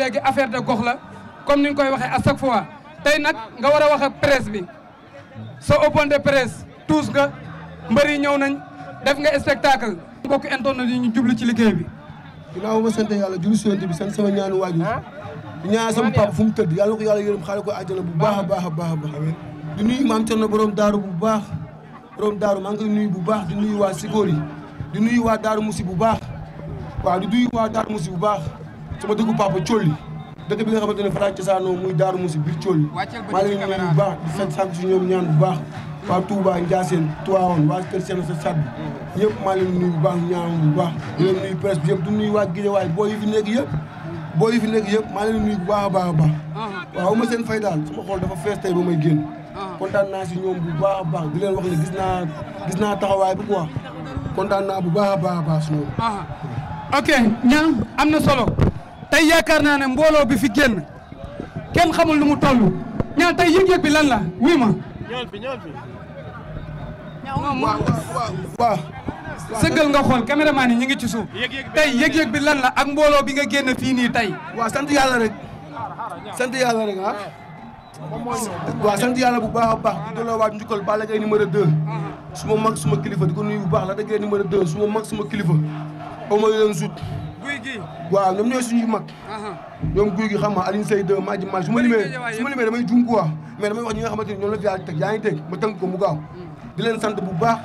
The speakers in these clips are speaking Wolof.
léegi affaire de gokh la comme ni koy waxee à chaque fois tay nak nga wara a presse bi so open de presse tous nga mbëri ñew nañ def nga spectacle. bokk entonne ñu jublu ci liggéey bi. ginnaaw ma sant yàlla julli sant bi sant sama ñaanu waajur ñaa ah? ñaanal sama papa fu mu teud yalla ko yalla yeureum xale ko aljana bu baax baax baax baax a di nuyu maam tan borom daaru bu baax borom daaru ma ngi nuyu bu baax di nuyu wa sigori di nuyu wa daaru musibu baax wa di nuyu wa daaru musibu baax. sama dëkku papa Thiolli dëkk bi nga xamante ne Fara cosaanoo muy Daaru Musi biir Thiolli maa ngi leen di nuyu bu baax di sant sant si ñoom ñaan bu baax waa Touba Ndiassène Tivaouane waa Kër Seen sa sat bi ñëpp maa ngi leen di nuyu bu baax ñaan bu di leen nuyu bi yëpp du nuyu waa Guédiawaye boo yi fi nekk yëpp boo yi fi nekk yëpp maa ngi leen di nuyu bu baax a baax a baax uh-huh. waaw ma seen fay daal sama xool dafa fees tey ba may génn uh-huh. kontaan naa si ñoom bu baax a baax leen wax ne gis naa gis naa taxawaay bi kontaan naa bu baax a baax a baax si ñoom uh-huh. ok ñaan am na solo tey yaakaar naa ne mbooloo bi fi génn kenn xamul nu mu toll ñaan tey yëg-yëg bi lan la wuy ma. ñool bi ñool bi. moom waaw sëggal nga xool caméraman yi ñu ngi ci suuf. tey yëg-yëg bi lan la ak mbooloo bi nga génn fii nii tey. waaw sant yàlla rek sant yàlla rek ah. waaw sant yàlla bu baax a baax di delloo waat njukkal Balla Gaye numéro 2. su ma mag suma kilifa di ko bu baax la da ngay numéro 2 su ma mag suma kilifa. ba ma leen sut. guy gi waaw ñoom ñooy suñuy mag ñoom guy gi xam nga Alioune say 2 Madji Mal su ma limee su ma limee damay juum quoi mais damay wax ñi nga xamante ni ñoom la village ngi teg ma tënk hmm. sant bu baax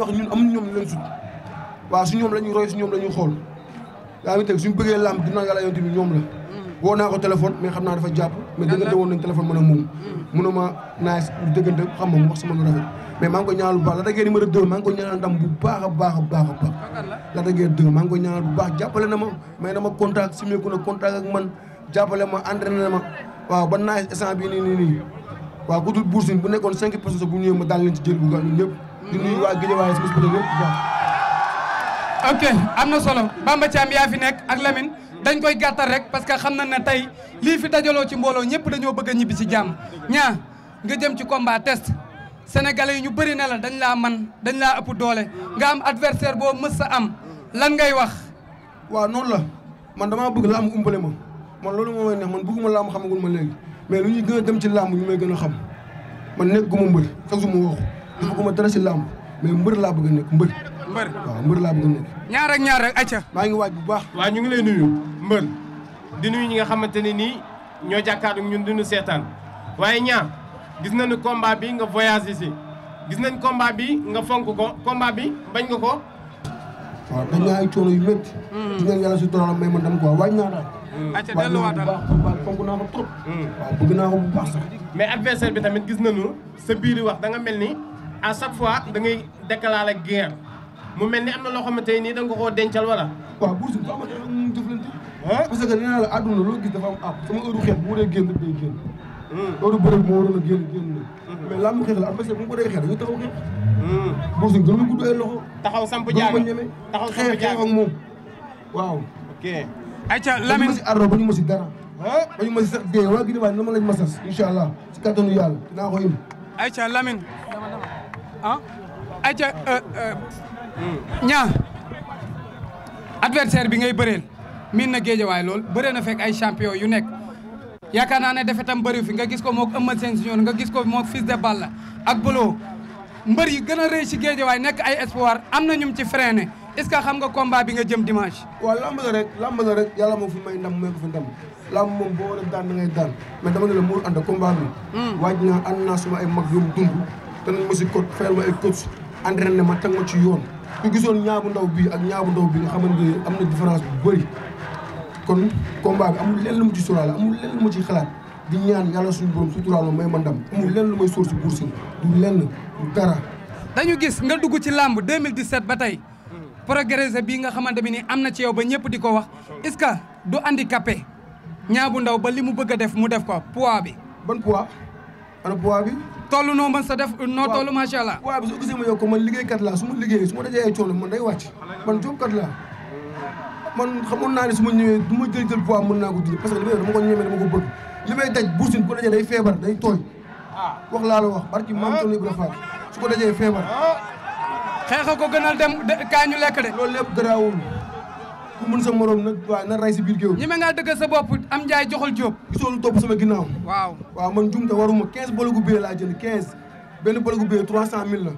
wax ñun amuñu ñoom ñu waa sut su ñoom la ñuy roy su la ñuy xool yaa ngi teg suñu bëggee làmb dinaa yàlla yonte bi ñoom la hmm. woo naa ko téléphone mais xam naa dafa jàpp mais dëggante woon nañ téléphone mën a moom mënuma hmm. naaj dëggante xam nga mu wax sama lu rafet mais maa ngi ko ñaanal baax la da ngeen numéro 2 maa ngi baax a baax a a baax la da ngeen 2 ko ñaanal bu baax jàppale na ma mais na ma contact simé ku na contact ak man jàppale ma entraîné na ma waaw ba naaj instant bii nii nii nii waaw ku dul buursin bu nekkoon cinq personnes bu ñëwee ma daal leen ci jël bu gaaw ñun ñëpp di nuyu waa Guédiawaye si sport yëpp ok am na solo Bamba Thiam yaa fi nekk ak Lamine dañ koy gàttal rek parce que xam na ne tey lii fi dajaloo ci mbooloo ñëpp dañoo bëgg a ñibbi si jàmm ñaa nga jëm ci combat test sénégalais yi ñu bëri na la dañ laa man dañ laa ëpp doole nga am adversaire boo mës sa am lan ngay wax. waa noonu la man damaa bëgg am umpale ma man loolu moo may neex man bëgguma làmb xamagul ma léegi mais lu ñuy gën a dem ci làmb ñu may gën a xam man nekk gu ma mbër sax su ma waxu defaguma dara ci làmb mais mbër laa bëgg a nekk mbër. mbër waaw mbër laa bëgg a nekk. ñaar ak maa ngi waaj bu baax. waaw ñu ngi lay nuyu mbër di nuyu ñi nga xamante ne nii ñoo jàkkaarloog ñun duñu seetaan waaye ñaar gis nañu combat bi nga voyage ici gis nañ combat bi nga fonk ko combat bi bañ nga ko. waaw dañ ay coono yu metti gis hmm. nañ yàlla si doonam may man dam ko wañ na daal. Hmm. ayca delluwaatal waaw combat bi fonk naa ko trop. Hmm. waaw bëgg naa ko bu baax sax. mais adversaire bi tamit gis nañu sa biir wax da nga melni à chaque fois da ngay déclarer la guerre mu melni amna lo na ni da nga ko dencal wala. waaw bourse bi am na jëflante. Hein? parce que dina la aduna lo gis dafa am àpp ah, sama euro xeet bu wutee génn day génn. loolu bëri moo waroon a génn génn mais lamb xeex la am bu mu bëree xeex dañuy taxaw xeex. Bour Sine gënu gudd ay loxo. taxaw samp jaaga taxaw samp jaaga ak moom waaw. ok ayca Lamine ba arro dara. lañ allah si kàttanu yàlla ko indi. ayca Lamine ah ayca ñaa adversaire bi ngay bëreel min na way lool bëree na fek ay champion yu nek yaakaar naa ne defetam bëri fi nga gis ko mook Eumeu Sène Junior nga gis ko moo Fils de Balla ak Bolo mbër yi gën a rëy ci géejawaay nekk ay espoir am na ñum ci freiné est-ce que xam nga combat bi nga jëm dimanche waaw lamb la rek lamb rek yàlla moo fu may ndam may ko fi ndam lamb moom boo war a daan da ngay daan mais dama ne la muur ànd ak combat bi hmm. waaj naa ànd naa suma ay mag yóbbu dund te ma si coach fayal ma ay coach entraîné ma teg ma ci yoon ku gisoon ñaabu ndaw bii ak ñaabu ndaw bi nga xamante ne am na différence bu bëri kon combat amul lenn lu mu ci sóoraale amul lenn lu mu ci xalat di ñaan yalla suñu borom suturaal may ma amul lenn lu may source si du lenn du dara. dañu gis nga dugg ci lamb 2017 ba tey progressé bii nga xamanteni amna ci yow ba ñepp diko wax est-ce que du handicapé ñaabu Ndaw ba limu bëgg def mu def ko poids bi. ban poids ana poids bi. tollu no man sa def no tollu machallah poids bi soo gisee yow ko man liggéeykat laa su ma liggey su ma ay coono man day wacc man kat la man xamoon naa ne su ma ñëwee du ma jël jël poids mën naa ko dindi parce que li may dama ko ñemee bëgg li may daj bursin ko dajee day feebar day tooy ah. wax laa la wax barki maam Tony Ibra Fall su ko dajee feebar ah. xeexa ko gënal dem kaa ñu lekk de loolu lépp garaawul ku mën sa morom nag waaw na ray si biir géew ñi ma ngaa dëgg sa bopp am njaay joxal jóob gisoo lu topp sama ginnaaw waaw waaw man jumte waruma 15 bologu bee laa jël 15 benn bologu bee 300000 la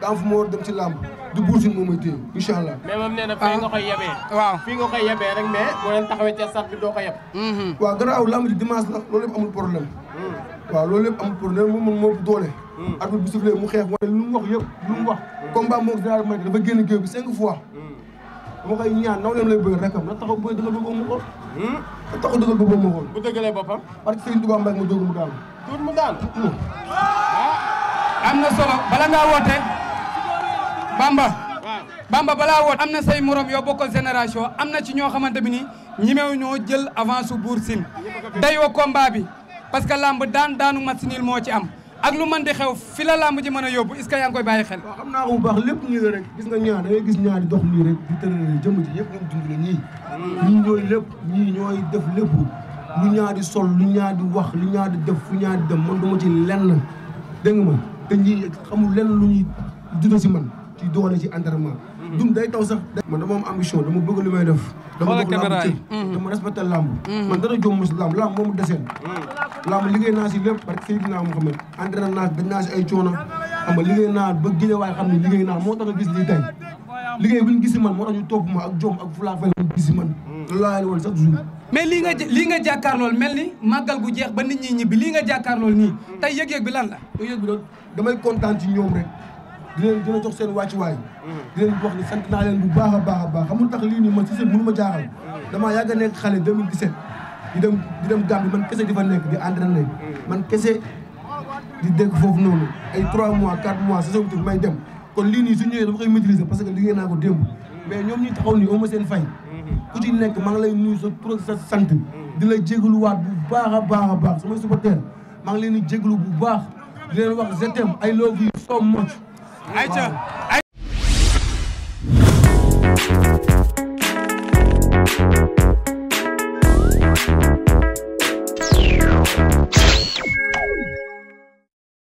da am fu ma war dem ci làmb du Bour Sine moom mooy téye allah. mais moom nee na fii ah. nga koy yebee. waaw nga koy yebee rek mais boo leen taxawee ca sàtt doo ko yeb. Mm-hmm. waaw gannaaw làmb ji dimanche la loolu yëpp amul problème. Mm. waaw loolu yëpp amul problème moom moom moo doole. Mm. at bi siflee mu xeex wala lu mu wax yëpp lu mu wax. Mm. combat moom général Malick dafa génn géew bi cinq koy ñaan naw leen lay bëgg rek na taxaw bëgg dëggal boppam mu xool. na taxaw dëggal boppam mu xool. bu dëggalee boppam. parce que Serigne Touba Mbacké ma jóg mu daal. tuut mu daal. Ah. Bamba Bamba balaa woot am na say morom yoo bokkoon génération am na ci ñoo xamante bi ni ñimew ñoo jël avance su Bour Sine dayoo combat bi parce que lamb daan daanu mat matsinil moo ci am ak lu man di xew fi la lamb ji mën a yóbbu est-ce que yaa ngi koy bàyyi xel waaw naa ko baax lépp nii nga ñaar da ngay gis ñaari dox nii rek di jëm ci yëpp ñoom dund la ñii ñii ñooy lépp ñii ñooy def lépp lu ñaar sol lu ñaar di wax lu ñaar di def fu ñaar di dem man duma ci lenn dégg nga ma te ñii xamul lenn lu ñuy judo si man ci doole ci entraînement. Mhm. day taw sax. man dama am ambition dama bëgg lu may def. dama bëgg làmb ci mhm. dama respecté làmb. Mhm. man dara jom mos làmb làmb moomu deseen. làmb liggéey naa si lépp parce que Seydina Mouhamed entraîné naa dañ si ay coono xam nga liggéey naa ba gine waaye xam ni liggéey naa moo tax nga gis lii tey liggéey bu ñu man moo tax ñu topp ma ak jom ak fulaa fay man laa leen woon chaque jour mais lii nga lii nga jàkkaarlool mel ni màggal gu jeex ba ni ñi ñibbi lii nga jàkkaarlool nii tey yëg-yëg bi la yëg-yëg damay kontaan ci ñoom rek di leen gën a jox seen wàccuwaay di leen wax ni sant naa leen bu baax a baax a baax xamul tax lii nii man si seen mënu ma a nekk xale 2017 di dem di dem Gambie man kese di fa nekk di entraîné kese di dégg foofu noonu ay 3 mois 4 mois saison bi dem kon lii nii su ñëwee dama koy parce que liggéey naa ko démb mais ñoom ñu taxaw nii nekk maa ngi lay nuyu sa tur sant di la jégaluwaat bu baax a baax a baax samay supporter maa ngi leen di jégalu bu baax di leen wax je t'aime I love you so 挨。者，来。